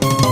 Thank you.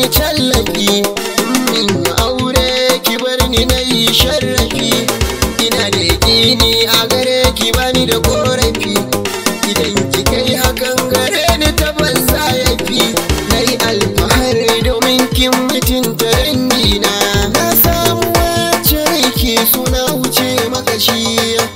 ni tallafi min aure ki bar ni na yi sharrafi ina da yaƙini a gare ki bani da korafi idan ki kai hakan gare ni ta banza yafi na yi alfahari domin kin mutunta dangina na samu wace ki suna wuce makashi